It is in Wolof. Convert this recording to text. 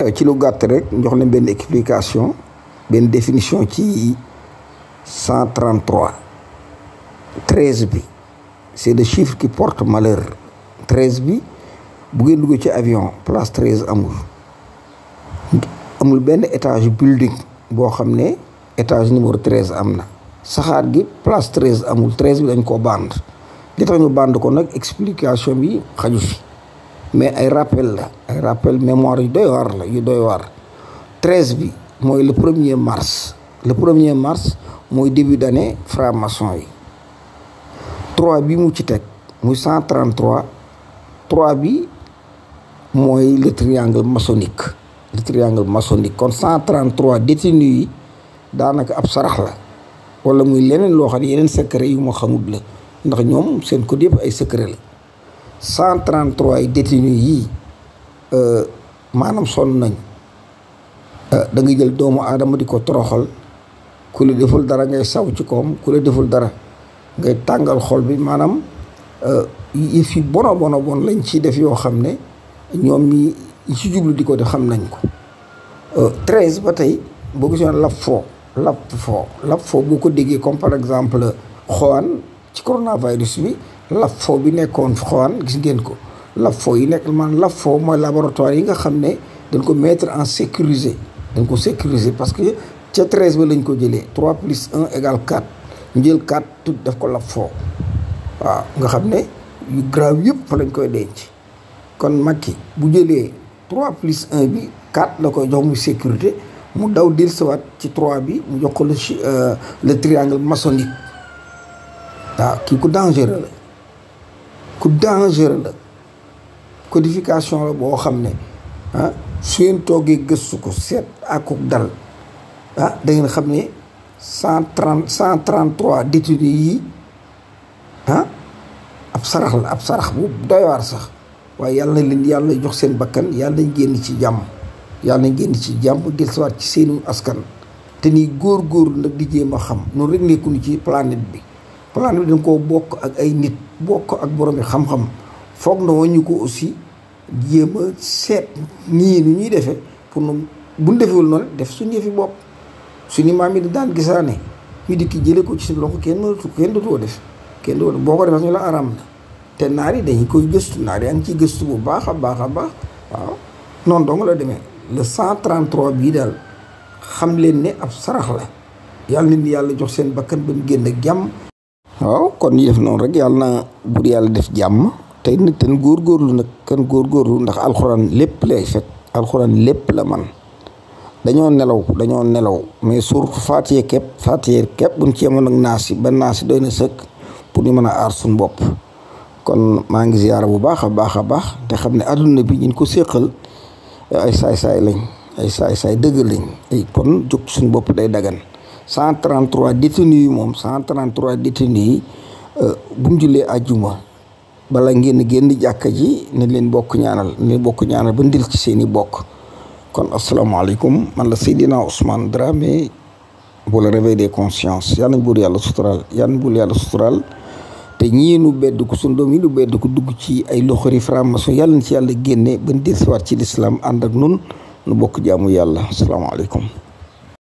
Euh, ci lu gàtt rek jox leen benn explication benn définition ci 133 13 bi c'est de chiffre qui porte malheur 13 bi bu ngeen dugg ci avion place amul amul benn étage building boo xam ne étage numéro 13 am na saxaar gi place amul 13 bi dañ koo band li tax ñu bànd ko nag explication bi xaju si mais ay rappel la ay rappel mémoire yu doy waar la yu doy waar treize bi mooy le premier mars le premier mars mooy début d'année franc-maçon yi trois bi mu ci teg muy cent trente-trois bi mooy le triangle maçonnique le triangle maçonnique kon cent trente-trois yi daanaka ab sarax la wala muy leneen loo xam ne yeneen secret yu ma xamul la ndax ñoom seen code yëpp ay secret la cent trente trois détenus yii euh, maanaam sonn nañ euh, da jël doomu aadama di ko toroxal ku la deful dara ngay saw ci koom ku la deful dara ngay tàngal xol bi maanaam euh, yëf yi bono bono bon lañ ciy def yoo xam ne ñoom ñi ci jublu di ko def xam nañ ko treize ba tey boo gisoon lap foo lap foo lap foo boo ko déggee comme par exemple xowaan ci coronavirus bi lafo bi nekkoon xawaan gis ngeen ko laf lafo yi nekk man laf lafo mooy laboratoire yi nga xam ne dañ ko mettre en sécurisé dañ ko sécuriser parce que ca treize ba lañ ko jëlee trois plus un égale quatre njël jël quatre tout daf ko lafo waaw nga xam ne yu grave yëpp fa lañ koy denc kon mag Macky bu jëlee trois plus un bi quatre la koy jox muy sécurité mu daw dellusiwaat ci trois bi mu jox ko le euh, le triangle maçonnique waaw kii ku dangereux la ku dangereux la codification la boo xam ne ah su ngeen toogee gëstu ko seet akuk dal ah da xam ne cent trente cent trois détenus yi ah ab sarax la ab sarax bu day waar sax waaye yàlla na leen yàlla jox seen bakkan yàlla nañ génn ci jàmm yàlla nañ génn ci jàmm dellusiwaat ci seenu askan te ni góor góor nag di jéem a xam nu rek nekkuñu ci planète bi waxtaan bi dañ koo bokk ak ay nit bokk ak borom yi xam-xam foog na woon ñu ko aussi jéem seet nii nu ñuy defe pour nu buñ defewul noonu def suñu yëfi bopp suñu maam yi daan gisaane ñu dikki jëlee ko ci sa loxo kenn mënatu kenn dootu def kenn boo ko defee ñu la araam na te naar yi dañu koy gëstu naar yi am ciy gëstu bu baax a baax a baax waaw noonu dong la demee le 133 bii daal xam leen ne ab sarax la yàlla nit ñi yàlla jox seen bakkan ba mu génn jàmm waaw kon ñu def noonu rek yàlla na bur yàlla def jàmm tey nag ten góorgóorlu nag kan góorgóorlu ndax alxuraan lépp lay fekk alxuraan lépp la man dañoo nelaw dañoo nelaw mais sur faatiye képp faatiye képp buñ ci yemoon ak naas yi ba naas yi doy na sëkk pour ñu mën a aar suñu bopp kon maa ngi ziyaara bu baax a baax a baax te xam ne àdduna bi ñu ko séqal ay saay-saay lañ ay saay-saay dëgg lañ ay kon jóg suñu bopp day dagan 133 détenus yi moom 133 détenus yi euh, bu ñu jullee àjjuma bala ngeen génn jàkka ji ne leen bokk ñaanal ne leen bokk ñaanal ba ndil ci seeni bokk kon asalaamaaleykum man la Seydina Ousmane Dramé bu la réveil des consciences yal nañ buur yàlla sutural yal nañ buur yàlla sutural te ñii nu bedd ko suñu doom yi nu bedd ko dugg ci ay loxori franc-maçon yàlla na ci yàlla génne ba ndil siwaat ci lislaam ànd ak nun nu bokk jaamu yàlla asalaamaaleykum